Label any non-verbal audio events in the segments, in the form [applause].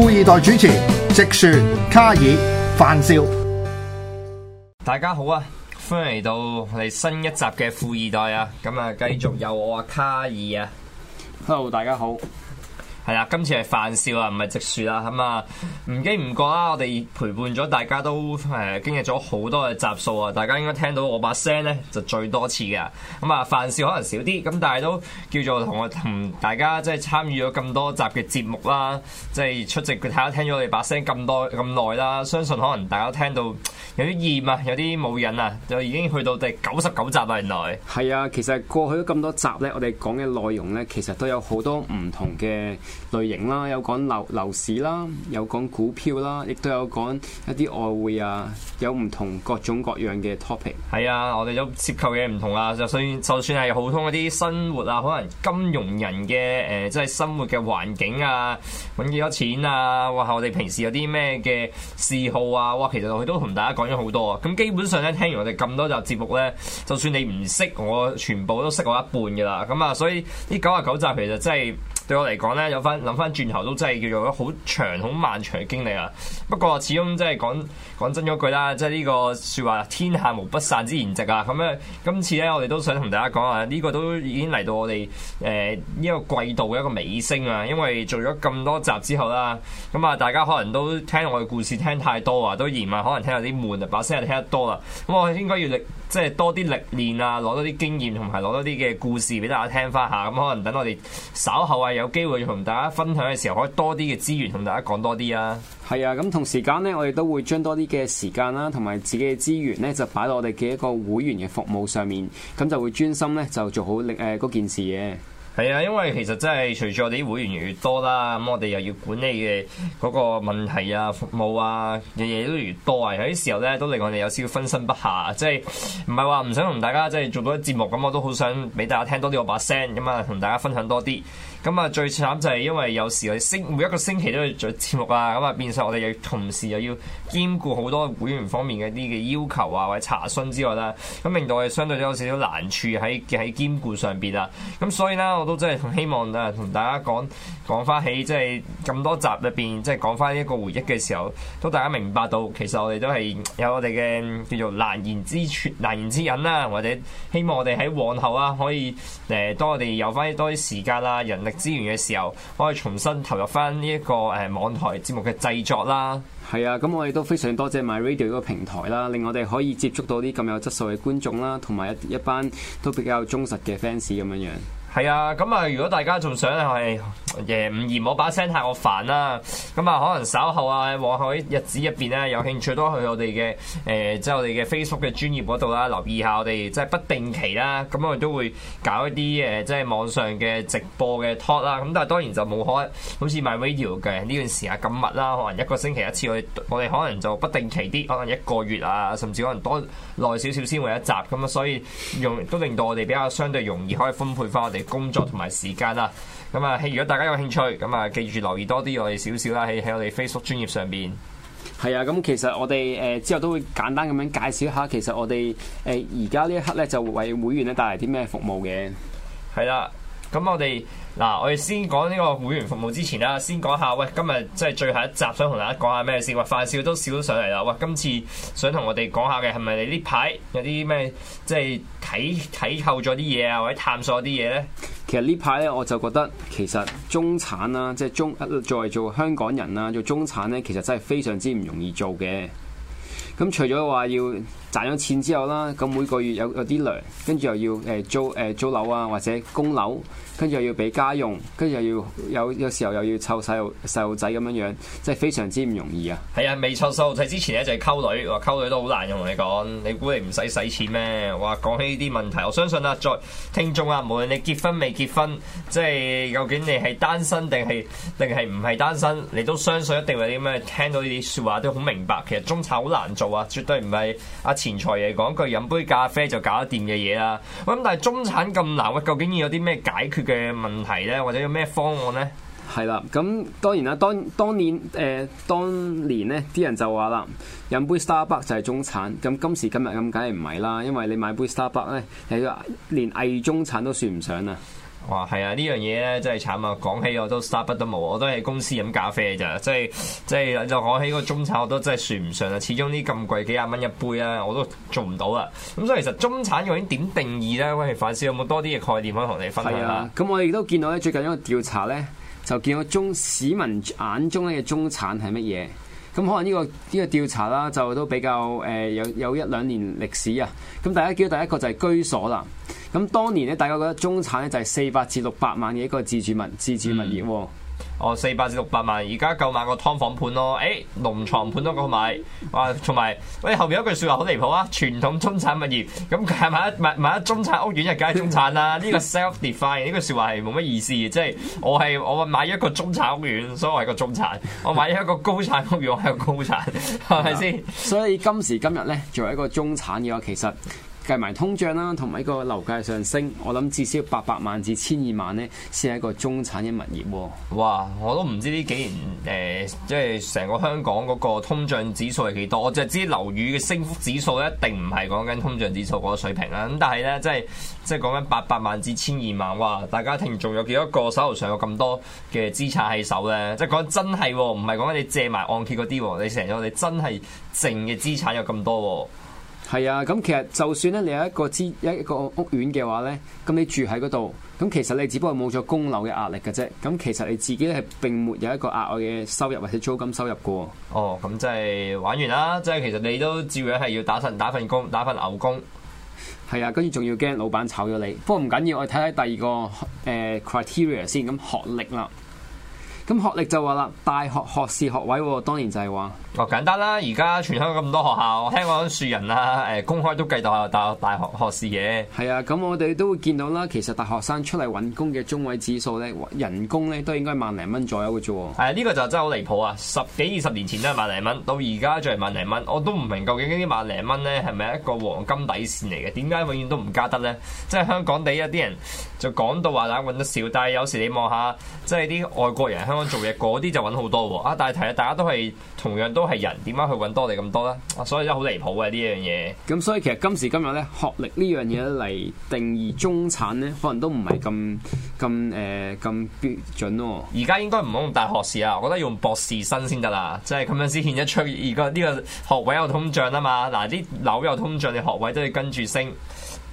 富易袋主持直樹、卡爾、范少，大家好啊！歡迎嚟到我哋新一集嘅富易袋啊！咁啊，繼續有我啊，卡爾啊，Hello，大家好。係啊、， [music] 嗯，今次係范少啊，唔係直説啊，咁、嗯、啊，唔經唔覺啦，我哋陪伴咗大家都誒、呃、經歷咗好多嘅集數啊，大家應該聽到我把聲咧就最多次嘅，咁啊范少可能少啲，咁但係都叫做同我同大家即係參與咗咁多集嘅節目啦，即係出席佢睇下聽咗我哋把聲咁多咁耐啦，相信可能大家聽到有啲厭啊，有啲冇癮啊，就已經去到第九十九集啦，原來。係啊，其實過去咁多集咧，我哋講嘅內容咧，其實都有好多唔同嘅。類型啦，有講樓樓市啦，有講股票啦，亦都有講一啲外匯啊，有唔同各種各樣嘅 topic。係啊，我哋有涉及嘅唔同啊。就算就算係普通一啲生活啊，可能金融人嘅誒，即、呃、係生活嘅環境啊，揾幾多錢啊，哇！我哋平時有啲咩嘅嗜好啊，哇！其實我哋都同大家講咗好多啊。咁基本上咧，聽完我哋咁多集節目咧，就算你唔識我，我全部都識我一半噶啦。咁啊，所以呢九十九集其實真係～對我嚟講咧，有翻諗翻轉頭都真係叫做好長、好漫長嘅經歷啊！不過始終即係真係講講真嗰句啦，即係呢個説話天下無不散之筵席啊！咁、嗯、啊，今次咧，我哋都想同大家講下呢個都已經嚟到我哋誒呢個季度嘅一個尾聲啊，因為做咗咁多集之後啦，咁、嗯、啊，大家可能都聽我嘅故事聽太多啊，都嫌啊，可能聽有啲悶啊，把聲又聽得多啦，咁、嗯、我應該要力即係多啲歷練啊，攞多啲經驗同埋攞多啲嘅故事俾大家聽翻下。咁、嗯、可能等我哋稍後啊～有機會同大家分享嘅時候，可以多啲嘅資源同大家講多啲啊，啊。係啊，咁同時間呢，我哋都會將多啲嘅時間啦，同埋自己嘅資源呢，就擺落我哋嘅一個會員嘅服務上面，咁就會專心呢，就做好誒件事嘅。係啊，因為其實真係隨住我哋啲會員越嚟越多啦，咁我哋又要管理嘅嗰個問題啊、服務啊，嘢嘢都越多啊。有啲時候呢，都令我哋有少少分身不下，即係唔係話唔想同大家即係做到節目咁，我都好想俾大家聽多啲我把聲咁啊，同大家分享多啲。咁啊，最慘就係因為有時我星每一個星期都要做節目啊，咁啊，變相我哋又同時又要兼顧好多會員方面嘅啲嘅要求啊，或者查詢之外啦，咁令到我哋相對都有少少難處喺喺兼顧上邊啊。咁所以呢，我都真係希望啊，同大家講講翻起即係咁多集入邊，即係講翻一個回憶嘅時候，都大家明白到其實我哋都係有我哋嘅叫做難言之處、難言之隱啦，或者希望我哋喺往後啊，可以誒當我哋有翻多啲時間啦。人力。資源嘅時候，我可以重新投入翻呢一個誒網台節目嘅製作啦。係啊，咁我哋都非常多謝 My Radio 呢個平台啦，令我哋可以接觸到啲咁有質素嘅觀眾啦，同埋一，一班都比較忠實嘅 fans 咁樣樣。係啊，咁啊，如果大家仲想係誒唔嫌我，我把聲太我煩啦，咁啊，可能稍後啊，往後啲日子入邊咧，有興趣都去我哋嘅誒即係我哋嘅 Facebook 嘅專頁嗰度啦，留意下我哋即係不定期啦，咁我哋都會搞一啲誒即係網上嘅直播嘅 talk 啦，咁但係當然就冇可好似 MyRadio 嘅呢段時間咁密啦，可能一個星期一次我，我哋我哋可能就不定期啲，可能一個月啊，甚至可能多耐少少先會一集咁啊，所以用都令到我哋比較相對容易可以分配翻我哋。工作同埋時間啊，咁啊，如果大家有興趣，咁啊，記住留意多啲我哋少少啦，喺喺我哋 Facebook 專頁上邊。係啊，咁、嗯、其實我哋誒、呃、之後都會簡單咁樣介紹一下，其實我哋誒而家呢一刻咧，就為會員咧帶嚟啲咩服務嘅。係啦、啊，咁、嗯、我哋。嗱，我哋先講呢個會員服務之前啦，先講下喂，今日即係最後一集，想同大家講下咩先？喂，范少都少咗上嚟啦！喂，今次想同我哋講下嘅係咪你呢排有啲咩即係睇睇透咗啲嘢啊，或者探索啲嘢咧？其實呢排咧，我就覺得其實中產啦，即係中，作為做香港人啦，做中產咧，其實真係非常之唔容易做嘅。咁除咗話要賺咗錢之後啦，咁每個月有有啲糧，跟住又要誒租誒租，租樓啊，或者供樓。跟住又要俾家用，跟住又要有有時候又要湊細路細路仔咁樣樣，即係非常之唔容易啊！係啊，未湊細路仔之前咧就係溝女，哇溝女都好難用。同你講，你估你唔使使錢咩？哇，講起呢啲問題，我相信啊，再聽眾啊，無論你結婚未結婚，即係究竟你係單身定係定係唔係單身，你都相信一定係啲咩？聽到呢啲説話都好明白，其實中產好難做啊，絕對唔係阿前財爺講句飲杯咖啡就搞得掂嘅嘢啦。咁、嗯、但係中產咁難，究竟要有啲咩解決嘅問題咧，或者有咩方案咧？係啦，咁當然啦，當當年誒、呃、當年咧，啲人就話啦，飲杯 Starbucks 就係中產。咁今時今日咁，梗係唔係啦？因為你買杯 Starbucks 咧，係連偽中產都算唔上啊！哇，係啊！呢樣嘢咧，真係慘啊！講起我都 Starbucks 都冇，我都係公司飲咖啡咋，即係即係就講起個中產，我都真係算唔上啦。始終啲咁貴，幾廿蚊一杯啊，我都做唔到啊。咁所以其實中產究竟點定義咧？喂，范少有冇多啲嘅概念可以同你分享啊？咁我哋亦都見到咧，最近一個調查咧，就見到中市民眼中呢嘅中產係乜嘢？咁可能呢個呢個調查啦，就都比較誒有有一兩年歷史啊。咁大家見到第一個就係居所啦。咁當年咧，大家覺得中產咧就係四百至六百萬嘅一個自住物自住物業。嗯。哦，四百至六百萬，而家夠買個劏房盤咯。誒、欸，農場盤都可買。哇，同埋，喂、欸，後邊有句説話好離譜啊！傳統中產物業，咁係買一買一買一中產屋苑就梗係中產啦、啊。呢、這個 self-defined 呢句説 [laughs] 話係冇乜意思嘅，即係我係我買一個中產屋苑，所以我係個中產；我買一個高產屋苑，我係高產，係咪先？ [laughs] 所以今時今日咧，作為一個中產嘅話，其實。計埋通脹啦，同埋呢個樓價上升，我諗至少八百萬至千二萬呢，先係一個中產嘅物業喎。哇！我都唔知呢幾年誒，即係成個香港嗰個通脹指數係幾多？我就知樓宇嘅升幅指數一定唔係講緊通脹指數嗰個水平啦。咁但係呢，即係即係講緊八百萬至千二萬，哇！大家庭仲有幾多個手頭上有咁多嘅資產喺手呢？即係講真係，唔係講緊你借埋按揭嗰啲，你成日你真係淨嘅資產有咁多？係啊，咁其實就算咧，你有一個資一個屋苑嘅話咧，咁你住喺嗰度，咁其實你只不過冇咗供樓嘅壓力嘅啫。咁其實你自己係並沒有一個額外嘅收入或者租金收入嘅。哦，咁即係玩完啦，即係其實你都照樣係要打份打份工，打份牛工。係啊，跟住仲要驚老闆炒咗你。不過唔緊要，我睇睇第二個誒、呃、criteria 先。咁學歷啦，咁學歷就話啦，大學學士學位、哦，當然就係話。哦，簡單啦！而家全香港咁多學校，香港樹仁啊，誒、呃，公開都計到大學、大學、學士嘅。係啊，咁我哋都會見到啦。其實大學生出嚟揾工嘅中位指數咧，人工咧都應該萬零蚊左右嘅啫。係呢、哎呢個就真係好離譜啊！十幾二十年前都係萬零蚊，到而家就係萬零蚊。我都唔明究竟呢啲萬零蚊咧係咪一個黃金底線嚟嘅？點解永遠都唔加得咧？即係香港地一啲人就講到話啦，揾得少，但係有時你望下，即係啲外國人香港做嘢嗰啲就揾好多喎。啊，但係其實大家都係同樣都。係人點解去搵多你咁多咧、啊？所以真係好離譜嘅呢樣嘢。咁所以其實今時今日咧，學歷呢樣嘢嚟定義中產咧，可能都唔係咁咁誒咁標準咯。而家應該唔好用大學士啊，我覺得用博士生先得啦。即係咁樣先顯得出。而家呢個學位有通脹啊嘛，嗱啲樓有通脹，你學位都要跟住升。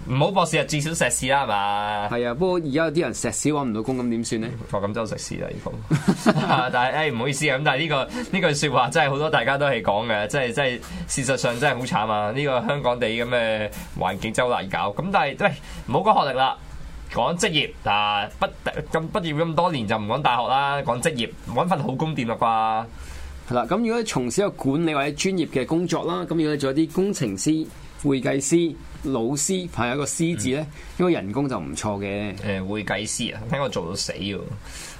唔好博士啊，至少碩士啦嘛。係啊，不過而家有啲人碩士搵唔到工，咁點算咧？坐廣州碩士啦，呢個。 [laughs] [laughs] 但係誒，唔、哎、好意思啊，咁但係呢、這個呢句、這個、說話真係好多大家都係講嘅，真係真係事實上真係好慘啊！呢、這個香港地咁嘅環境真係好難搞。咁但係都係唔好講學歷啦，講職業嗱，畢咁畢業咁多年就唔講大學啦，講職業搵份好工掂啦啩。係啦，咁如果從事一個管理或者專業嘅工作啦，咁如果做啲工程師、會計師。嗯老師係有一個師字咧，應該人工就唔錯嘅。誒、呃、會計師啊，聽我做到死嘅，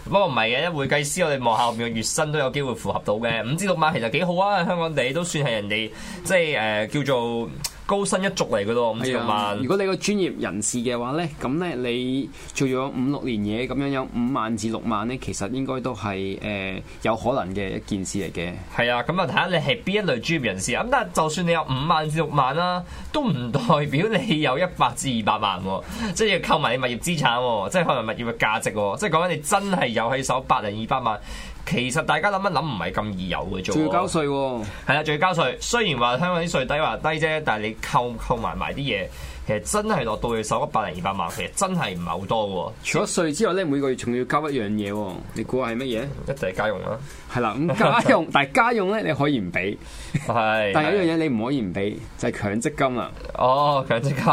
不過唔係嘅，一會計師我哋望後面嘅月薪都有機會符合到嘅。五至六萬其實幾好啊，香港地都算係人哋即係誒、呃、叫做。高薪一族嚟噶咯，五六萬，哎。如果你個專業人士嘅話咧，咁咧你做咗五六年嘢，咁樣有五萬至六萬咧，其實應該都係誒、呃、有可能嘅一件事嚟嘅。係啊，哎，咁啊睇下你係邊一類專業人士。咁但係就算你有五萬至六萬啦，都唔代表你有一百至二百萬，即係要購埋你物業資產，即係可能物業嘅價值。即係講緊你真係有起手百零二百萬。其實大家諗一諗唔係咁易有嘅，仲要交稅喎、哦。係啦，仲要交稅。雖然話香港啲稅低話低啫，但係你扣扣埋埋啲嘢，其實真係落到去手一百零二百萬，其實真係唔係好多嘅。除咗稅之外咧，你每個月仲要交一樣嘢，你估係乜嘢？一就係家用啦、啊。係啦，咁家用， [laughs] 但係家用咧你可以唔俾，係。 [laughs] [laughs] 但係有一樣嘢你唔可以唔俾，就係強積金啊。 [laughs] 哦，強積金。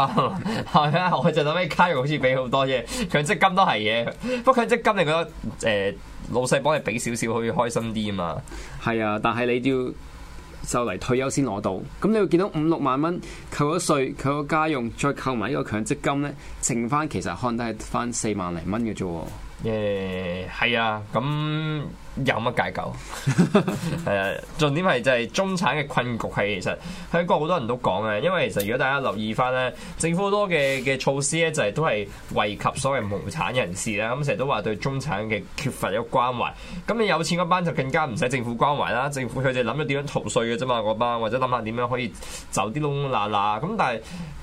係 [laughs] 啊，我最諗起家用好似俾好多嘢。強積金都係嘢。不過強積金你覺得誒？呃老細幫你俾少少可以開心啲啊嘛，係啊，但係你都要就嚟退休先攞到，咁你會見到五六萬蚊，扣咗稅、扣咗家用，再扣埋呢個強積金咧，剩翻其實可能係翻四萬零蚊嘅啫。誒，係啊，咁。有乜解救？誒， [laughs] 重點係就係中產嘅困局係其實香港好多人都講嘅，因為其實如果大家留意翻咧，政府好多嘅嘅措施咧，就係都係惠及所謂無產人士啦。咁成日都話對中產嘅缺乏咗關懷。咁你有錢嗰班就更加唔使政府關懷啦。政府佢哋諗咗點樣逃稅嘅啫嘛，嗰班或者諗下點樣可以走啲窿窿罅罅。咁、嗯、但係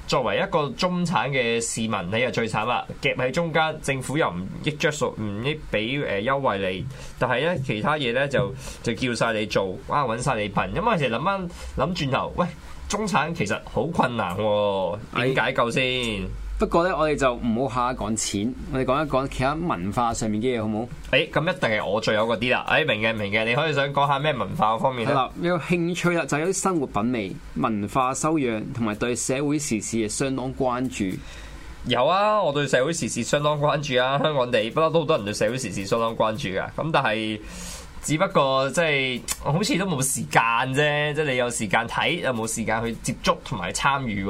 作為一個中產嘅市民，你又最慘啦，夾喺中間，政府又唔益著數，唔益俾誒優惠你。但係咧～其他嘢咧就就叫晒你做，哇，揾晒你笨。因為其實諗翻諗轉頭，喂，中產其實好困難喎、哦，點解、哎、夠先？不過咧，我哋就唔好下下講錢，我哋講一講其他文化上面嘅嘢好唔好？誒咁、哎、一定係我最有嗰啲啦。誒、哎、明嘅明嘅，你可以想講下咩文化方面你有興趣啦，就有啲生活品味、文化修養，同埋對社會時事係相當關注。有啊，我對社會時事相當關注啊。香港地不嬲都好多人對社會時事相當關注噶。咁但係只不過即係好似都冇時間啫。即係你有時間睇又冇時間去接觸同埋參與，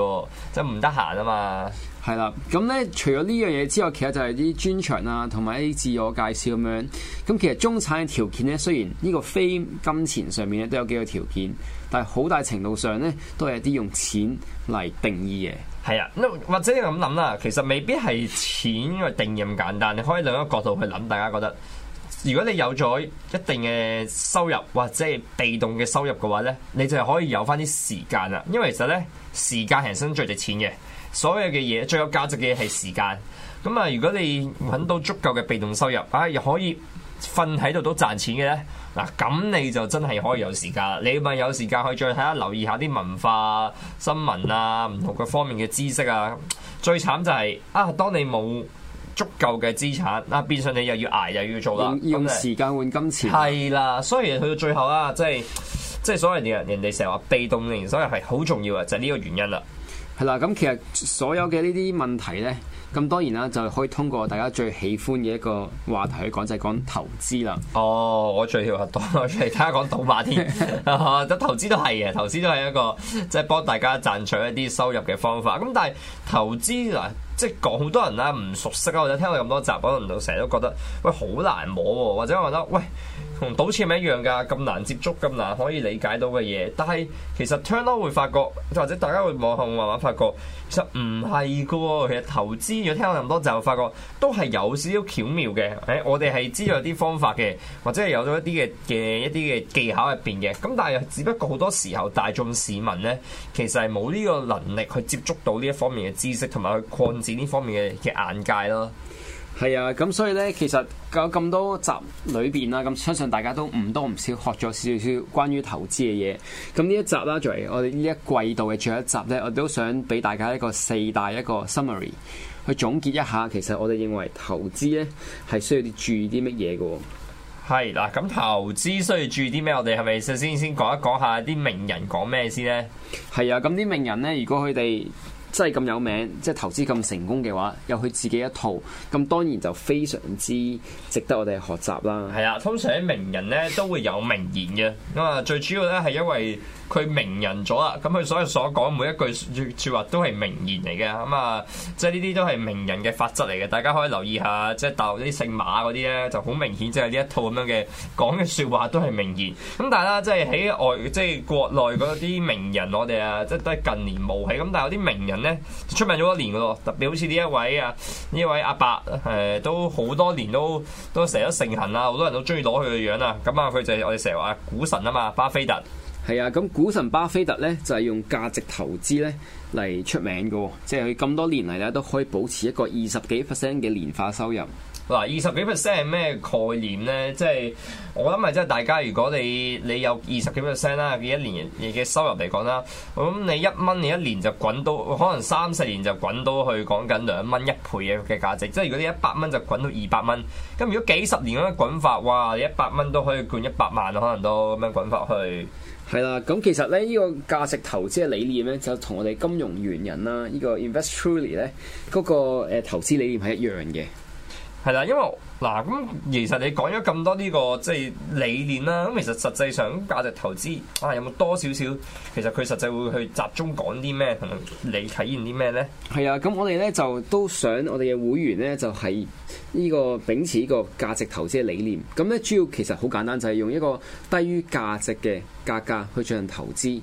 即係唔得閒啊嘛。係啦。咁咧，除咗呢樣嘢之外，其實就係啲專長啊，同埋啲自我介紹咁樣。咁其實中產嘅條件咧，雖然呢個非金錢上面咧都有幾個條件，但係好大程度上咧都係啲用錢嚟定義嘅。係啊，或者你咁諗啦，其實未必係錢嘅定義咁簡單，你可以兩個角度去諗。大家覺得，如果你有咗一定嘅收入或者係被動嘅收入嘅話呢，你就係可以有翻啲時間啦。因為其實呢，時間係人生最值錢嘅，所有嘅嘢最有價值嘅係時間。咁啊，如果你搵到足夠嘅被動收入，啊又可以瞓喺度都賺錢嘅呢。嗱咁你就真係可以有時間，你咪有時間去再睇下、留意下啲文化、啊、新聞啊、唔同嘅方面嘅知識啊。最慘就係、是、啊，當你冇足夠嘅資產，嗱、啊、變相你又要捱又要做啦、啊。用時間換金錢係、啊、啦，所以去到最後啊，即係即係所謂人人哋成日話被動所以係好重要啊，就係、是、呢個原因啦。係啦，咁其實所有嘅呢啲問題咧，咁當然啦，就可以通過大家最喜歡嘅一個話題去講，就係、是、講投資啦。哦，我最要係多，我出嚟聽下講賭馬添，啊嚇、嗯， [laughs] 投資都係嘅，投資都係一個即係、就是、幫大家賺取一啲收入嘅方法。咁但係投資嗱，即係講好多人咧唔熟悉啊，或者聽過咁多集，講唔到，成日都覺得喂好難摸，或者我覺得喂。同賭錢係一樣㗎，咁難接觸，咁難可以理解到嘅嘢。但係其實聽多會發覺，或者大家會往後慢慢發覺，其實唔係嘅。其實投資如果聽咁多就發覺，都係有少少巧妙嘅。誒、哎，我哋係知道一啲方法嘅，或者係有咗一啲嘅嘅一啲嘅技巧入邊嘅。咁但係只不過好多時候，大眾市民呢，其實係冇呢個能力去接觸到呢一方面嘅知識，同埋去擴展呢方面嘅嘅眼界咯。係啊，咁所以咧，其實有咁多集裏邊啦，咁相信大家都唔多唔少學咗少少少關於投資嘅嘢。咁呢一集啦，作為我哋呢一季度嘅最後一集咧，我都想俾大家一個四大一個 summary，去總結一下，其實我哋認為投資咧，係需要啲注意啲乜嘢嘅。係嗱，咁投資需要注意啲咩啊？我哋係咪首先先講一講下啲名人講咩先咧？係啊，咁啲名人咧，如果佢哋。即係咁有名，即係投資咁成功嘅話，有佢自己一套，咁當然就非常之值得我哋學習啦。係啊，通常喺名人咧都會有名言嘅，咁啊最主要咧係因為佢名人咗啦，咁佢所有所講每一句説話都係名言嚟嘅，咁啊即係呢啲都係名人嘅法則嚟嘅，大家可以留意下，即係大陸啲姓馬嗰啲咧就好明顯，即係呢一套咁樣嘅講嘅説話都係名言。咁但係啦，即係喺外即係國內嗰啲名人，我哋啊即係近年冒起，咁但係有啲名人，咧出名咗一年噶咯，特別好似呢一位啊呢位阿伯。誒、呃、都好多年都都成咗盛行啦，好多人都中意攞佢嘅樣啊。咁啊，佢就係我哋成日話股神啊嘛，巴菲特。係啊，咁、嗯、股神巴菲特咧就係、是、用價值投資咧嚟出名噶，即係佢咁多年嚟咧都可以保持一個二十幾 percent 嘅年化收入。嗱，二十幾 percent 係咩概念咧？即係我諗係即係大家，如果你你有二十幾 percent 啦，一年嘅收入嚟講啦，咁你一蚊你一年就滾到，可能三四年就滾到去講緊兩蚊一倍嘅嘅價值。即係如果你一百蚊就滾到二百蚊，咁如果幾十年咁樣滾法，哇！一百蚊都可以灌一百萬，可能都咁樣滾法去。係啦，咁其實咧呢個價值投資嘅理念咧，就同我哋金融元人啦，呢個 invest truly 咧嗰個誒投資理念係一樣嘅。係啦，因為嗱咁，其實你講咗咁多呢、這個即係、就是、理念啦，咁其實實際上價值投資啊，有冇多少少？其實佢實際會去集中講啲咩，同你體驗啲咩咧？係啊，咁我哋咧就都想我哋嘅會員咧就係呢個秉持呢個價值投資嘅理念，咁咧主要其實好簡單，就係、是、用一個低於價值嘅價格去進行投資。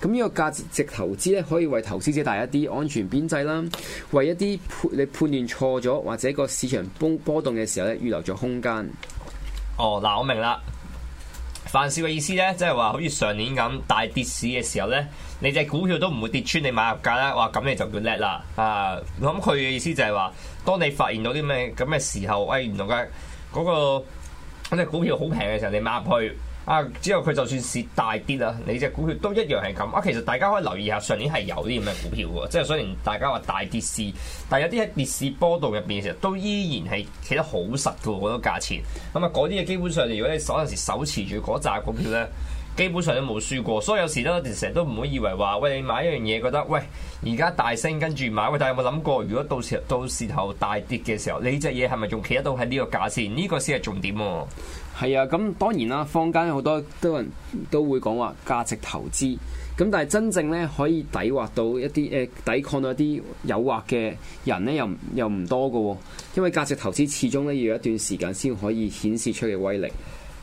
咁呢個價值投資咧，可以為投資者帶一啲安全邊際啦，為一啲判你判斷錯咗或者個市場波波動嘅時候咧，預留咗空間。哦，嗱，我明啦。范少嘅意思咧，即係話好似上年咁大跌市嘅時候咧，你隻股票都唔會跌穿你買入價啦。哇，咁你就叫叻啦啊！咁佢嘅意思就係話，當你發現到啲咩咁嘅時候，喂，原來嗰、嗰、嗰個嗰、嗰個嗰個、隻股票好平嘅時候，你買入去。啊！之後佢就算蝕大啲啦，你隻股票都一樣係咁啊。其實大家可以留意下上年係有啲咁嘅股票喎，即係雖然大家話大跌市，但有啲喺跌市波動入邊，其實都依然係企得好實噶，好多個價錢。咁、嗯、啊，嗰啲嘢基本上，如果你所有時手持住嗰扎股票咧，基本上都冇輸過。所以有時咧，成日都唔好以為話，喂，你買一樣嘢覺得，喂，而家大升跟住買，喂，但係有冇諗過，如果到時到時候大跌嘅時候，你隻嘢係咪仲企得到喺呢個價錢？呢、呢個先係重點喎。係啊，咁當然啦，坊間好多都人都會講話價值投資，咁但係真正咧可以抵劃到一啲誒、呃、抵抗到一啲誘惑嘅人咧，又唔又唔多㗎喎、哦，因為價值投資始終咧要一段時間先可以顯示出嘅威力。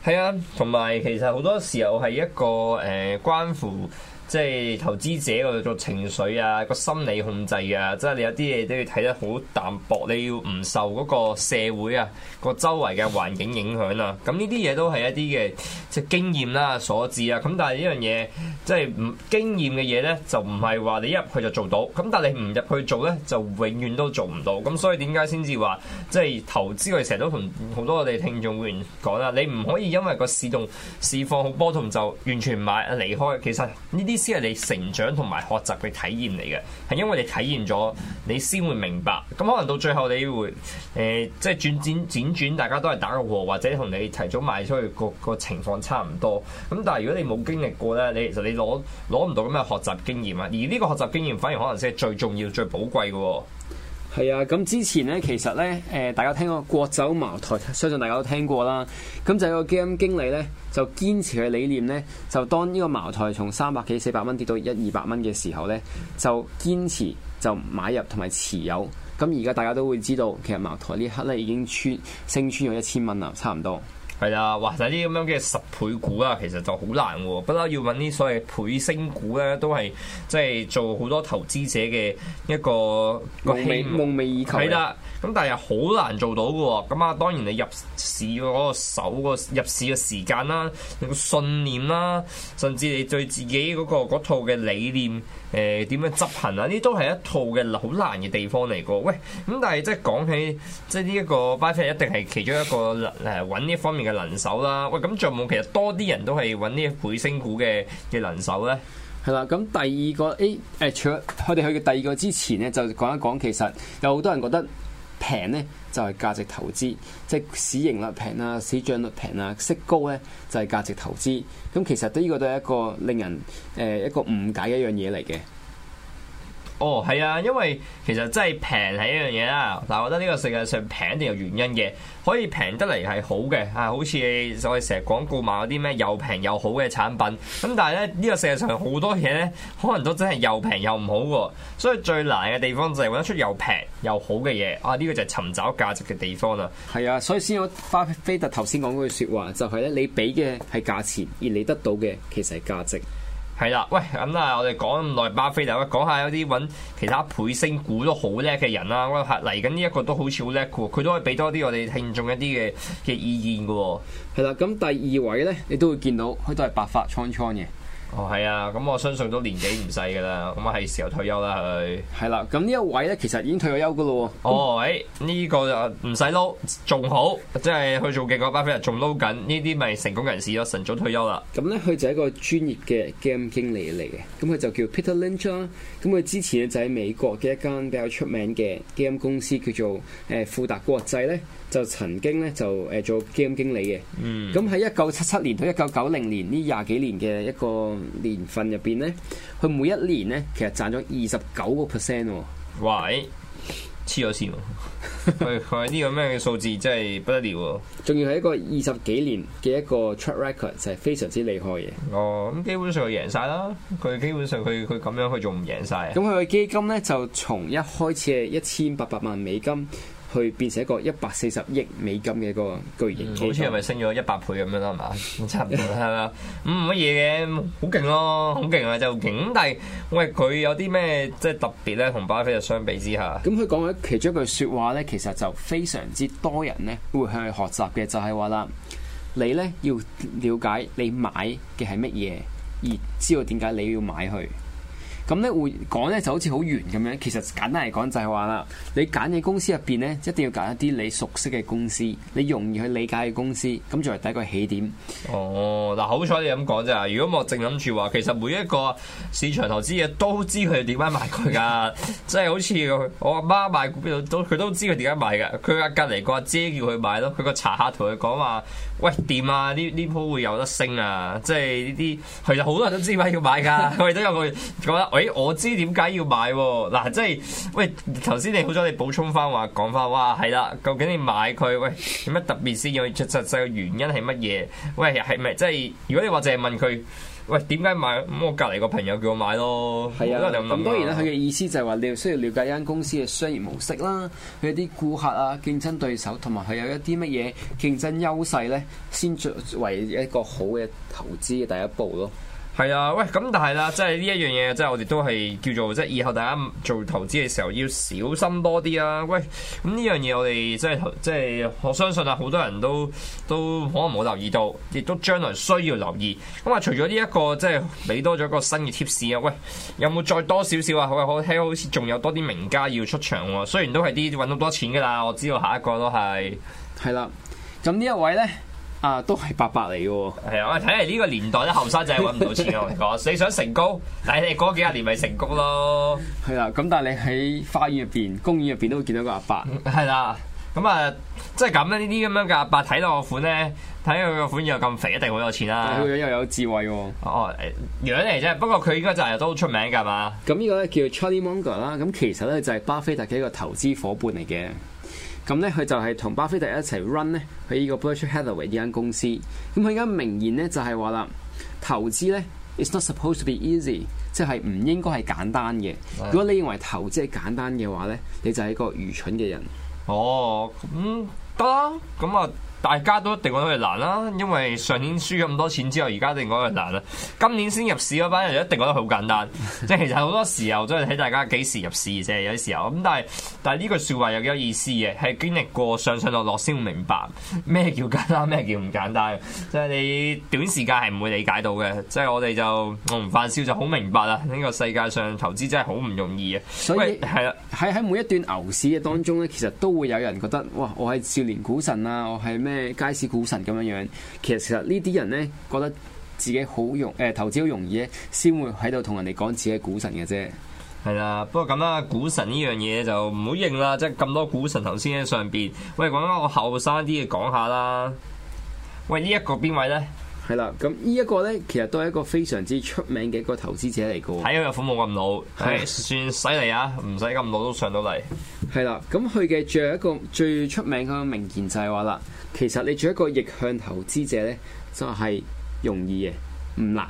係啊，同埋其實好多時候係一個誒、呃、關乎。即係投資者度做情緒啊，個心理控制啊，即係你有啲嘢都要睇得好淡薄，你要唔受個社會啊個周圍嘅環境影響啊，咁呢啲嘢都係一啲嘅即係經驗啦，所致啊。咁但係呢樣嘢即係唔經驗嘅嘢咧，就唔係話你一入去就做到。咁但係你唔入去做咧，就永遠都做唔到。咁所以點解先至話即係投資我哋成日都同好多我哋聽眾會員講啦，你唔可以因為個市動市況好波動就完全唔買啊離開。其實呢啲意思係你成長同埋學習嘅體驗嚟嘅，係因為你體驗咗，你先會明白。咁可能到最後你會誒、呃，即係轉轉轉轉，轉轉大家都係打個和，或者同你提早賣出去個個情況差唔多。咁但係如果你冇經歷過呢，你其實你攞攞唔到咁嘅學習經驗啊。而呢個學習經驗反而可能先係最重要、最寶貴嘅。係啊，咁之前咧，其實咧，誒、呃，大家聽過國酒茅台，相信大家都聽過啦。咁就有個基金經理咧，就堅持嘅理念咧，就當呢個茅台從三百幾四百蚊跌到一二百蚊嘅時候咧，就堅持就買入同埋持有。咁而家大家都會知道，其實茅台呢一刻咧已經穿升，穿咗一千蚊啦，差唔多。係啦，或者啲咁樣嘅十倍股啊，其實就好難喎。不嬲要揾啲所謂倍升股咧，都係即係做好多投資者嘅一個個夢寐，夢寐以求。係啦，咁但係好難做到嘅喎。咁啊，當然你入市嗰個手個入市嘅時間啦，你個信念啦，甚至你對自己嗰個、嗰套嘅理念。誒點、呃、樣執行啊？呢都係一套嘅好難嘅地方嚟嘅。喂，咁但係即係講起即係呢一個巴菲特一定係其中一個誒揾呢方面嘅能手啦。喂，咁仲有冇其實多啲人都係揾呢一倍升股嘅嘅能手咧。係啦，咁第二個誒誒、欸，除咗我哋去嘅第二個之前咧，就講一講其實有好多人覺得平咧。就係價值投資，即係市盈率平啊，市賬率平啊，息高咧就係、是、價值投資。咁其實都呢個都係一個令人誒、呃、一個誤解嘅一樣嘢嚟嘅。哦，係啊，因為其實真係平係一樣嘢啦，嗱，我覺得呢個世界上平一定有原因嘅，可以平得嚟係好嘅，啊，好似我哋成日廣告賣嗰啲咩又平又好嘅產品，咁但係咧呢，呢個世界上好多嘢咧，可能都真係又平又唔好喎，所以最難嘅地方就係揾得出又平又好嘅嘢，啊，呢，啊呢個就係尋找價值嘅地方啦。係啊，所以先有巴菲特頭先講嗰句說話，就係、是、咧你俾嘅係價錢，而你得到嘅其實係價值。係啦，喂，咁啊，我哋講咁耐巴菲特，講下有啲揾其他倍升股都好叻嘅人啦。我係嚟緊呢一個都好似好叻嘅，佢都可以俾多啲我哋聽眾一啲嘅嘅意見嘅。係啦，咁第二位咧，你都會見到佢都係白髮蒼蒼嘅。哦，係啊，咁我相信都年紀唔細噶啦，咁啊係時候退休啦，佢係啦，咁、啊 [laughs] 啊、呢一位咧，其實已經退咗休噶啦。哦，喂、嗯，呢、欸這個就唔使撈，仲好，即係去做嘅嗰巴菲特仲撈緊呢啲，咪成功人士咯，晨早退休啦。咁咧、嗯，佢就係一個專業嘅基金經理嚟嘅，咁佢就叫 Peter Lynch 咁佢之前咧就喺美國嘅一間比較出名嘅基金公司叫做誒富達國際咧。就曾經咧就誒做基金經理嘅，咁喺一九七七年到一九九零年呢廿幾年嘅一個年份入邊咧，佢每一年咧其實賺咗二十九個 percent 喎。喂，黐咗線喎？佢佢係呢個咩嘅數字真係不得了喎！仲要係一個二十幾年嘅一個 track record，就係非常之厲害嘅。哦，咁基本上佢贏晒啦。佢基本上佢佢咁樣佢仲唔贏晒！咁佢嘅基金咧就從一開始係一千八百萬美金。佢變成一個一百四十億美金嘅一個巨型、嗯，好似係咪升咗一百倍咁樣啦？係嘛，差唔多係啦。咁唔乜嘢嘅，好勁咯，好勁啊！就勁，但係喂佢有啲咩即係特別咧，同巴菲特相比之下？咁佢講嘅其中一句説話咧，其實就非常之多人咧會向佢學習嘅，就係話啦，你咧要了解你買嘅係乜嘢，而知道點解你要買佢。咁咧會講咧就好似好圓咁樣，其實簡單嚟講就係話啦，你揀嘅公司入邊咧，一定要揀一啲你熟悉嘅公司，你容易去理解嘅公司，咁作為第一個起點。哦，嗱，好彩你咁講啫。如果我淨諗住話，其實每一個市場投資嘅人都知佢點解買佢噶，即係 [laughs] 好似我阿媽，媽買股票都佢都知佢點解買噶。佢阿隔離個阿姐叫佢買咯，佢個茶客同佢講話。喂，點啊？呢呢鋪會有得升啊！即係呢啲，其實好多人都知點解要買㗎。我哋 [laughs] 都有個覺得，誒、哎，我知點解要買喎、啊。嗱，即係喂，頭先你好彩你補充翻話講翻，哇，係啦，究竟你買佢，喂，有乜特別先？我實實際嘅原因係乜嘢？喂，係咪即係如果你話淨係問佢？喂，點解買咁？我隔離個朋友叫我買咯，係啊、咁當然啦。佢嘅意思就係話，你需要了解一間公司嘅商業模式啦，佢啲顧客啊、競爭對手，同埋佢有一啲乜嘢競爭優勢咧，先作為一個好嘅投資嘅第一步咯。係啊，喂，咁但係啦，即係呢一樣嘢，即係我哋都係叫做，即係以後大家做投資嘅時候要小心多啲啊，喂，咁呢樣嘢我哋即係即係，我相信啊，好多人都都可能冇留意到，亦都將來需要留意。咁啊、這個，除咗呢一個即係俾多咗個新嘅 tips 啊，喂，有冇再多少少啊？好啊，我聽好好似仲有多啲名家要出場喎。雖然都係啲揾得多錢㗎啦，我知道下一個都係係啦。咁呢、啊、一位咧？啊，都係八百嚟嘅喎。係啊，睇嚟呢個年代啲後生仔揾唔到錢嘅我講。 [laughs] 你想成功，但係你過幾廿年咪成功咯 [laughs] ？係啦，咁但係你喺花園入邊、公園入邊都會見到個阿伯，伯、嗯。係啦，咁、嗯、啊，即係咁呢啲咁樣嘅阿伯睇到個款咧，睇佢個款又咁肥，一定好有錢啦、啊嗯。佢又有，有智慧喎、哦。哦，樣嚟啫，不過佢應該就係都好出名㗎嘛。咁呢個咧叫 Charlie Munger 啦，咁其實咧就係巴菲特嘅一個投資伙伴嚟嘅。咁咧，佢就係同巴菲特一齊 run 咧，喺呢個 Berkshire Hathaway 呢間公司。咁佢而家明言咧就係話啦，投資咧，is not supposed to be easy，即係唔應該係簡單嘅。是的 如果你認為投資係簡單嘅話咧，你就係一個愚蠢嘅人。哦，咁得啦，咁啊。大家都一定覺得佢難啦，因為上年輸咁多錢之後，而家一定覺得佢難啦。今年先入市嗰班人一定覺得好簡單，即係其實好多時候都係睇大家幾時入市啫。有啲時候咁，但係但係呢句説話又幾有意思嘅，係經歷過上上落落先會明白咩叫簡單，咩叫唔簡單。即係你短時間係唔會理解到嘅。即係我哋就我唔發笑就好明白啊！呢個世界上投資真係好唔容易嘅。所以係啦，喺喺每一段牛市嘅當中咧，其實都會有人覺得哇，我係少年股神啊，我係咩？誒，街市股神咁樣樣，其實其實呢啲人咧覺得自己好容誒、欸，投資好容易咧，先會喺度同人哋講自己係股神嘅啫。係啦，不過咁啦，股神呢樣嘢就唔好認啦。即係咁多股神頭先喺上邊，喂，講返我後生啲嘅講下啦。喂，這個、呢一個邊位咧？係啦，咁呢一個咧，其實都係一個非常之出名嘅一個投資者嚟嘅。係因為父母咁老，係、哎、是的 算犀利啊，唔使咁老都上到嚟。係啦，咁佢嘅最後一個最出名嘅名言就係話啦。其實你做一個逆向投資者呢，就係、是、容易嘅，唔難。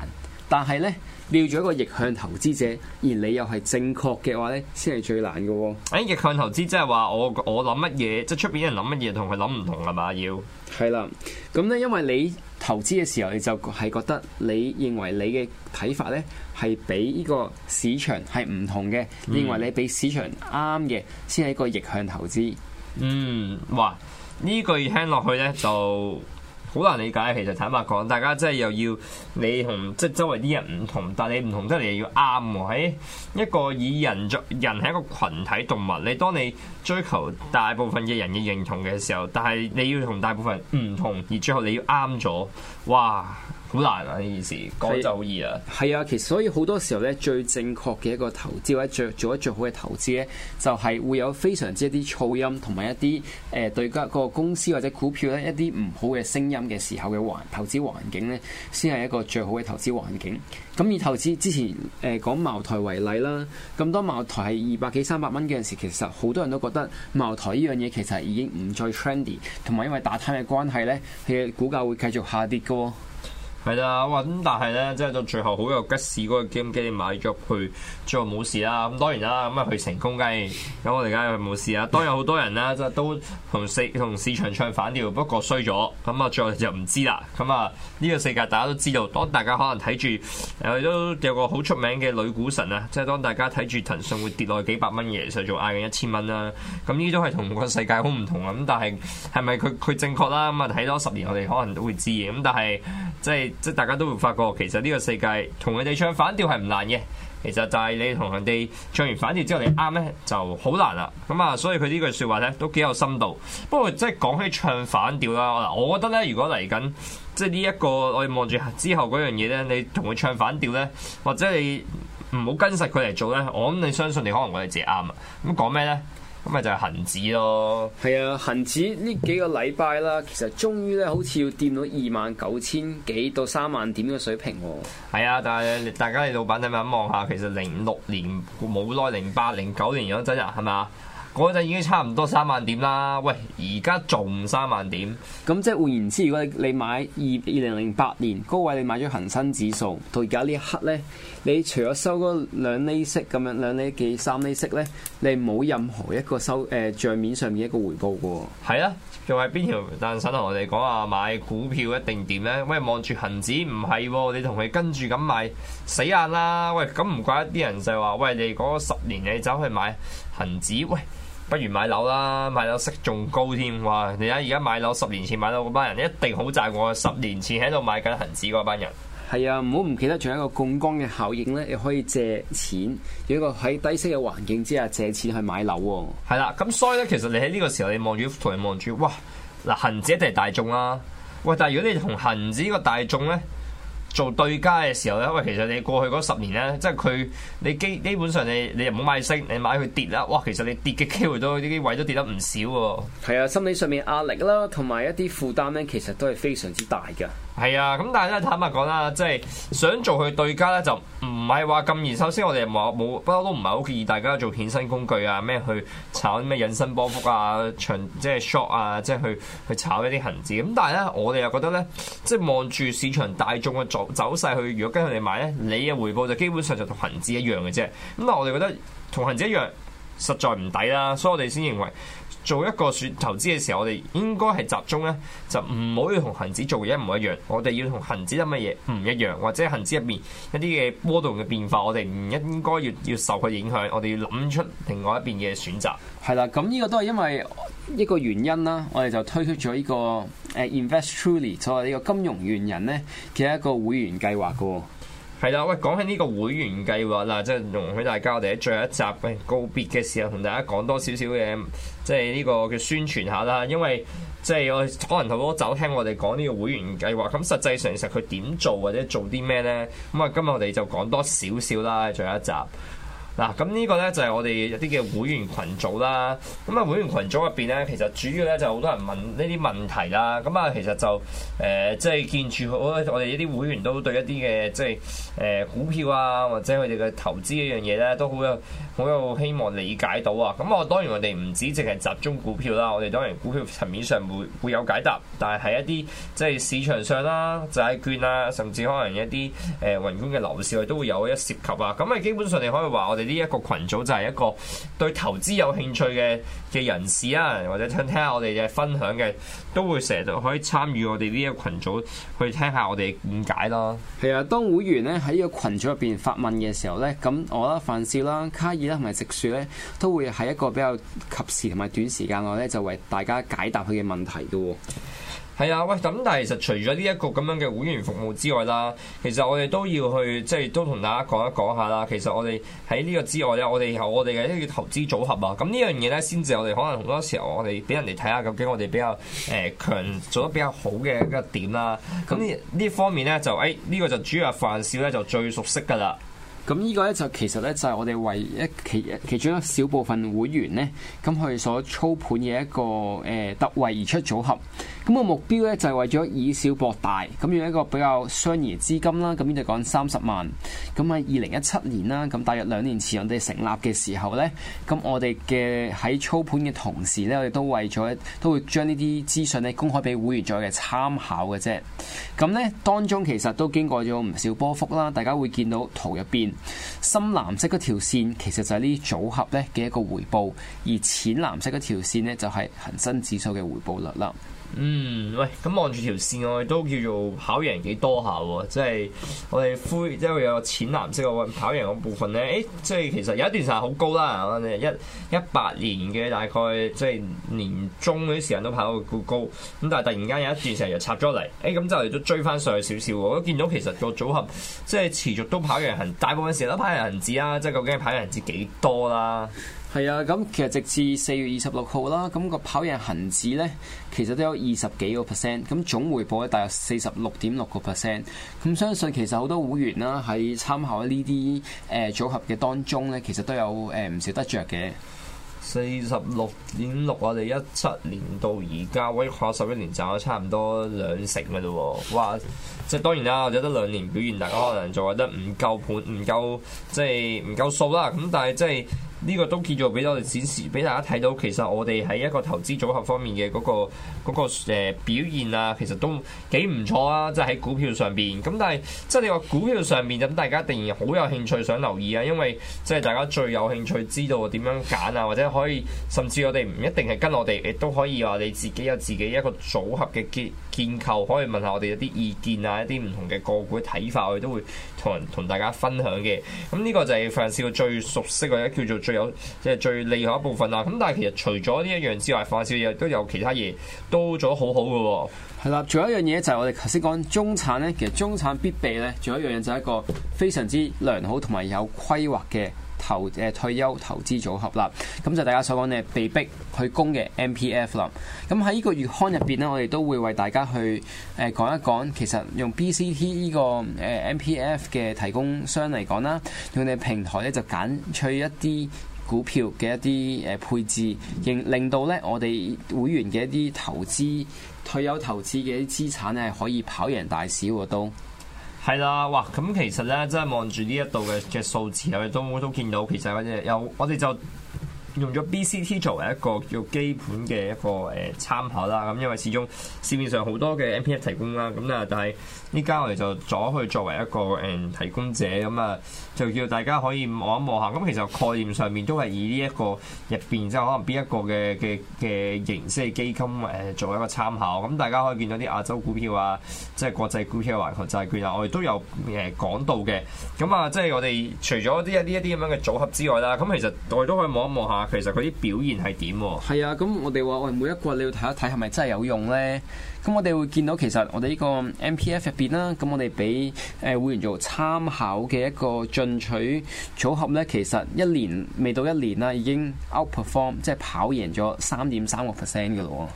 但係呢，你要做一個逆向投資者，而你又係正確嘅話呢，先係最難嘅喎、哦。誒，逆向投資即係話我我諗乜嘢，即係出邊人諗乜嘢，同佢諗唔同啊嘛？要係啦。咁呢，因為你投資嘅時候，你就係覺得你認為你嘅睇法呢，係比呢個市場係唔同嘅，嗯、認為你比市場啱嘅，先係一個逆向投資。嗯，哇！呢句要聽落去呢，就好難理解。其實坦白講，大家真係又要你同即係周圍啲人唔同，但係你唔同得又要啱喎。喺一個以人作人係一個群體動物，你當你追求大部分嘅人嘅認同嘅時候，但係你要同大部分人唔同，而最後你要啱咗，哇！好難啊！呢件事講就易啊，係啊。其實所以好多時候咧，最正確嘅一個投資，或者最做得最好嘅投資咧，就係、是、會有非常之一啲噪音，同埋一啲誒、呃、對嗰個公司或者股票咧一啲唔好嘅聲音嘅時候嘅環投資環境咧，先係一個最好嘅投資環境。咁以投資之前誒、呃、講茅台為例啦，咁多茅台係二百幾三百蚊嘅陣時，其實好多人都覺得茅台呢樣嘢其實已經唔再 trendy，同埋因為打貪嘅關係咧，佢嘅股價會繼續下跌㗎。係啦，哇！咁但係咧，即係到最後好有吉士嗰個機器買咗去，最後冇事啦。咁當然啦，咁啊佢成功緊。咁我哋而家又冇事啊。當然好多人啦，即係都同市同市場唱反調，不過衰咗。咁啊，最後就唔知啦。咁啊，呢個世界大家都知道，當大家可能睇住誒都有個好出名嘅女股神啊，即係當大家睇住騰訊會跌落幾百蚊嘅時候，仲嗌緊一千蚊啦。咁呢都係同個世界好唔同啊。咁但係係咪佢佢正確啦？咁啊睇多十年，我哋可能都會知嘅。咁但係即係。即係大家都會發覺，其實呢個世界同佢哋唱反調係唔難嘅，其實就係你同人哋唱完反調之後你啱咧，就好難啦。咁啊，所以佢呢句説話咧都幾有深度。不過即係講起唱反調啦，嗱，我覺得咧，如果嚟緊即係呢一個，我哋望住之後嗰樣嘢咧，你同佢唱反調咧，或者你唔好跟實佢嚟做咧，我諗你相信你可能我哋自己啱啊。咁講咩咧？咁咪就係恒指咯，係啊，恒指呢幾個禮拜啦，其實終於咧好似要掂到二萬九千幾到三萬點嘅水平喎。係啊，但係大家你老闆仔咪咁望下，其實零六年冇耐，零八、零九年嗰陣啊，係咪？嗰陣已經差唔多三萬點啦。喂，而家仲三萬點，咁即係換言之，如果你買、那個、你買二二零零八年高位，你買咗恒生指數，到而家呢一刻咧。你除咗收嗰兩釐息咁樣兩厘幾三厘息咧，你冇任何一個收誒帳面上面一個回報嘅喎。係啊 an，仲係邊條？但係想同我哋講話買股票一定點咧？喂，望住恒指唔係喎，你同佢跟住咁買死硬啦！喂，咁唔怪一啲人就係話，喂，你嗰十年你走去買恒指，喂，不如買樓啦，買樓息仲高添。哇！你睇而家買樓十年前買樓嗰班人一定好賺過十年前喺度買緊恒指嗰班人。係啊，唔好唔記得，仲有一個槓桿嘅效應咧，又可以借錢，有一個喺低息嘅環境之下借錢去買樓、哦。係啦、啊，咁、嗯、所以咧，其實你喺呢個時候，你望住同人望住，哇！嗱，恆指一定係大眾啦、啊。喂，但係如果你同恆指呢個大眾咧做對家嘅時候咧，喂，其實你過去嗰十年咧，即係佢，你基基本上你你又唔好買升，你買佢跌啦。哇，其實你跌嘅機會都啲位都跌得唔少、哦。係啊，心理上面壓力啦，同埋一啲負擔咧，其實都係非常之大嘅。係啊，咁但係咧坦白講啦，即係想做佢對家咧，就唔係話咁易。首先我，我哋冇冇，不嬲都唔係好建議大家做衍生工具啊，咩去炒啲咩引伸波幅啊，長即係 short 啊，即係去去炒一啲恒指。咁但係咧，我哋又覺得咧，即係望住市場大眾嘅走走勢去，如果跟佢哋買咧，你嘅回報就基本上就同恒指一樣嘅啫。咁我哋覺得同恒指一樣，實在唔抵啦。所以我哋先認為，做一個選投資嘅時候，我哋應該係集中咧，就唔好要同恒指做嘅一模一樣。我哋要同恒指有乜嘢唔一樣，或者恒指入面一啲嘅波動嘅變化，我哋唔應該要要受佢影響。我哋要諗出另外一邊嘅選擇。係啦，咁呢個都係因為一個原因啦。我哋就推出咗呢個誒 Invest Truly，所謂呢個金融賢人咧嘅一個會員計劃嘅。係啦，喂， [music] 講起呢個會員計劃啊，即係容許大家我哋喺最後一集告別嘅時候，同大家講多少少嘅，即係呢個嘅宣傳下啦。因為即係我可能好多走聽我哋講呢個會員計劃，咁、這個、實際上其實佢點做或者做啲咩咧？咁、嗯、啊，今日我哋就講多少少啦，最後一集。嗱，咁呢個咧就係我哋有啲嘅會員群組啦。咁啊，會員群組入邊咧，其實主要咧就好多人問呢啲問題啦。咁啊，其實就誒即係見住好多我哋一啲會員都對一啲嘅即係誒股票啊，或者佢哋嘅投資一樣嘢咧，都好有好有希望理解到啊。咁我當然我哋唔止淨係集中股票啦，我哋當然股票層面上會會有解答，但係喺一啲即係市場上啦、債券啊，甚至可能一啲誒宏觀嘅樓市，佢都會有一涉及啊。咁啊，基本上你可以話我哋。呢一個群組就係一個對投資有興趣嘅嘅人士啊，或者想聽下我哋嘅分享嘅，都會成日都可以參與我哋呢一個群組，去聽下我哋誤解咯。係啊，當會員咧喺呢個群組入邊發問嘅時候咧，咁我覺得范少啦、卡爾啦同埋直樹咧，都會喺一個比較及時同埋短時間內咧，就為大家解答佢嘅問題嘅喎。係啊，喂！咁但係其實除咗呢一個咁樣嘅會員服務之外啦，其實我哋都要去即係都同大家講一講一下啦。其實我哋喺呢個之外咧，我哋有我哋嘅一啲投資組合啊。咁呢樣嘢咧，先至我哋可能好多時候我哋俾人哋睇下究竟我哋比較誒強做得比較好嘅一個點啦。咁呢呢方面咧，就誒呢、哎呢個就主要係范少咧就最熟悉噶啦。咁呢個咧就其實咧就係我哋為一其其中一小部分會員咧，咁佢所操盤嘅一個誒突圍而出組合。咁個目標咧就係為咗以小博大，咁用一個比較商業資金啦。咁呢就講三十萬，咁喺二零一七年啦，咁大約兩年前我哋成立嘅時候咧，咁我哋嘅喺操盤嘅同時咧，我哋都為咗都會將呢啲資訊咧公開俾會員做嘅參考嘅啫。咁咧當中其實都經過咗唔少波幅啦。大家會見到圖入邊，深藍色嗰條線其實就係呢組合咧嘅一個回報，而淺藍色嗰條線咧就係恒生指數嘅回報率啦。嗯，喂，咁望住條線，我哋都叫做跑贏幾多下喎、啊，即係我哋灰，即係有個淺藍色嘅運跑贏嗰部分咧，誒、欸，即係其實有一段時間好高啦，一一八年嘅大概即係年中嗰啲時間都跑到好高，咁但係突然間有一段時間又插咗嚟，誒、欸，咁就嚟都追翻上去少少，我都見到其實個組合即係持續都跑贏行，大部分時間都跑贏銀紙啦、啊，即係究竟係跑贏銀紙幾多啦？係啊，咁其實直至四月二十六號啦，咁個跑贏恆指咧，其實都有二十幾個 percent，咁總回報咧大約四十六點六個 percent。咁相信其實好多會員啦，喺參考呢啲誒組合嘅當中咧，其實都有誒唔少得着嘅。四十六點六，我哋一七年到而家威化十一年賺咗差唔多兩成嘅啫喎，嘩即係當然啦，我哋得兩年表現，大家可能就覺得唔夠盤、唔夠即係唔夠數啦。咁但係即係。呢個都叫做俾我哋展示，俾大家睇到，其實我哋喺一個投資組合方面嘅嗰個嗰個呃表現啊，其實都幾唔錯啊！即係喺股票上邊，咁但係即係你話股票上邊咁，大家定然好有興趣想留意啊，因為即係大家最有興趣知道點樣揀啊，或者可以甚至我哋唔一定係跟我哋，亦都可以話你自己有自己一個組合嘅結。建構可以問下我哋一啲意見啊，一啲唔同嘅個股嘅睇法，我哋都會同同大家分享嘅。咁、嗯、呢、呢個就係范少最熟悉嘅，一叫做最有即係最厲害一部分啦。咁但係其實除咗呢一樣之外，范少亦都有其他嘢都做得好好嘅喎。係啦，仲有一樣嘢就係我哋頭先講中產咧，其實中產必備咧，仲有一樣嘢就係一個非常之良好同埋有規劃嘅。投誒、呃、退休投資組合啦，咁就大家所講嘅被逼去供嘅 M P F 啦，咁喺呢個月刊入邊呢，我哋都會為大家去誒、呃、講一講，其實用 B C T 呢、呢個誒、呃、M P F 嘅提供商嚟講啦，用你平台咧就揀取一啲股票嘅一啲誒配置，令令到咧我哋會員嘅一啲投資退休投資嘅一啲資產咧可以跑贏大市嘅都。係啦，哇！咁其實咧，真係望住呢一度嘅嘅數字，我哋都都見到，其實有我哋就。用咗 BCT 作為一個叫基本嘅一個誒參考啦，咁因為始終市面上好多嘅 MPF 提供啦，咁啊，但係呢家我哋就左佢作為一個誒提供者，咁啊就叫大家可以望一望下。咁其實概念上面都係以呢一個入邊，即係可能邊一個嘅嘅嘅形式嘅基金誒作為一個參考。咁大家可以見到啲亞洲股票啊，即係國際股票、環球債券啊，我哋都有誒講到嘅。咁啊，即係我哋除咗啲一啲一啲咁樣嘅組合之外啦，咁其實我哋都可以望一望下。其實佢啲表現係點喎？係啊，咁我哋話我哋每一個你要睇一睇係咪真係有用咧？咁我哋會見到其實我哋呢個 MPF 入邊啦，咁我哋俾誒會員做參考嘅一個進取組合咧，其實一年未到一年啦，已經 outperform，即係跑贏咗三點三個 percent 嘅咯。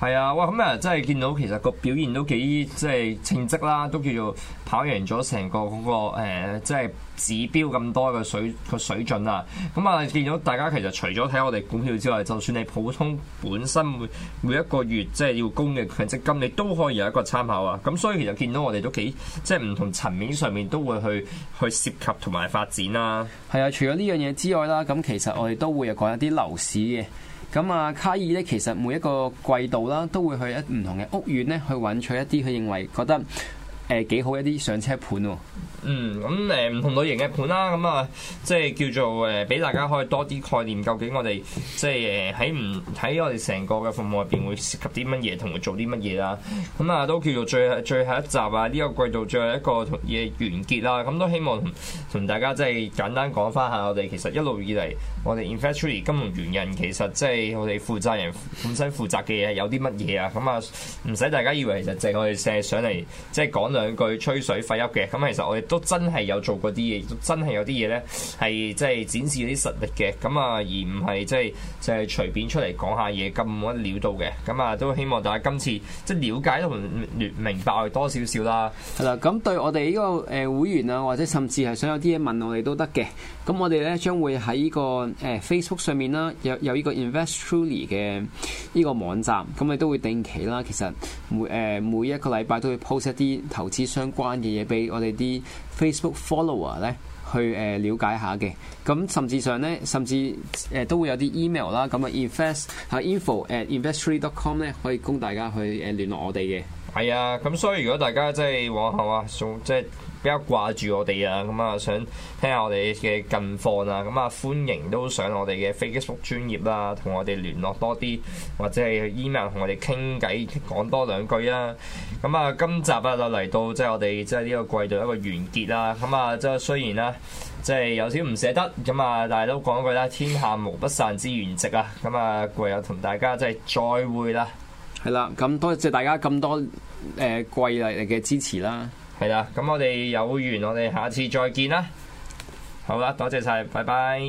係啊，哇！咁啊，真係見到其實個表現都幾即係稱職啦，都叫做跑贏咗成個嗰個誒，即係指標咁多嘅水個水準啊。咁啊，見到大家其實除咗睇我哋股票之外，就算你普通本身每每一個月即係要供嘅強積金，你都可以有一個參考啊。咁所以其實見到我哋都幾即係唔同層面上面都會去去涉及同埋發展啦。係啊，除咗呢樣嘢之外啦，咁其實我哋都會講一啲樓市嘅。咁啊，卡爾咧，其實每一個季度啦，都會去一唔同嘅屋苑咧，去搵取一啲佢認為覺得。誒，幾好一啲上車盤喎、哦嗯呃。嗯，咁誒，唔同類型嘅盤啦，咁啊，即係叫做誒，俾、呃、大家可以多啲概念，究竟我哋即係誒喺唔喺我哋成個嘅服務入邊會涉及啲乜嘢，同佢做啲乜嘢啦。咁、嗯、啊，都叫做最最後一集啊，呢、這個季度最後一個嘢完結啦。咁、嗯、都希望同大家即係簡單講翻下，我哋其實一路以嚟，我哋 infactory 金融原因，其實即係我哋負責人本身負責嘅嘢係有啲乜嘢啊。咁、嗯、啊，唔使大家以為其實淨係我哋成日上嚟，即係講。兩句吹水廢泣嘅，咁其實我哋都真係有做過啲嘢，真係有啲嘢，咧係即係展示啲實力嘅，咁啊，而唔係即係就係隨便出嚟講下嘢咁冇得料到嘅，咁啊，都希望大家今次即係了解同明白我哋多少少啦。係啦，咁對我哋呢個誒會員啊，或者甚至係想有啲嘢問我哋都得嘅，咁我哋咧將會喺呢個誒 Facebook 上面啦，有有呢個 Invest Truly 嘅呢個網站，咁你都會定期啦。其實每誒、呃、每一個禮拜都會 post 一啲投資相關嘅嘢俾我哋啲 Facebook follower 咧，去誒了解下嘅。咁甚至上咧，甚至誒都會有啲 email 啦。咁啊，invest info at investory dot com 咧，可以供大家去誒聯絡我哋嘅。係啊，咁所以如果大家即係往後啊，仲即係。比較掛住我哋啊，咁啊想聽下我哋嘅近況啊，咁啊歡迎都上我哋嘅 Facebook 專頁啦，同我哋聯絡多啲，或者係 email 同我哋傾偈，講多兩句啊。咁啊，今集啊就嚟到即係我哋即係呢個季度一個完結啦。咁啊，即係雖然啦，即係有少少唔捨得，咁啊，但係都講一句啦，天下無不散之筵席啊。咁啊，唯有同大家即係再會啦。係啦，咁多謝大家咁多誒季嚟嘅支持啦。係啦，咁我哋有緣，我哋下次再見啦。好啦，多謝晒，拜拜。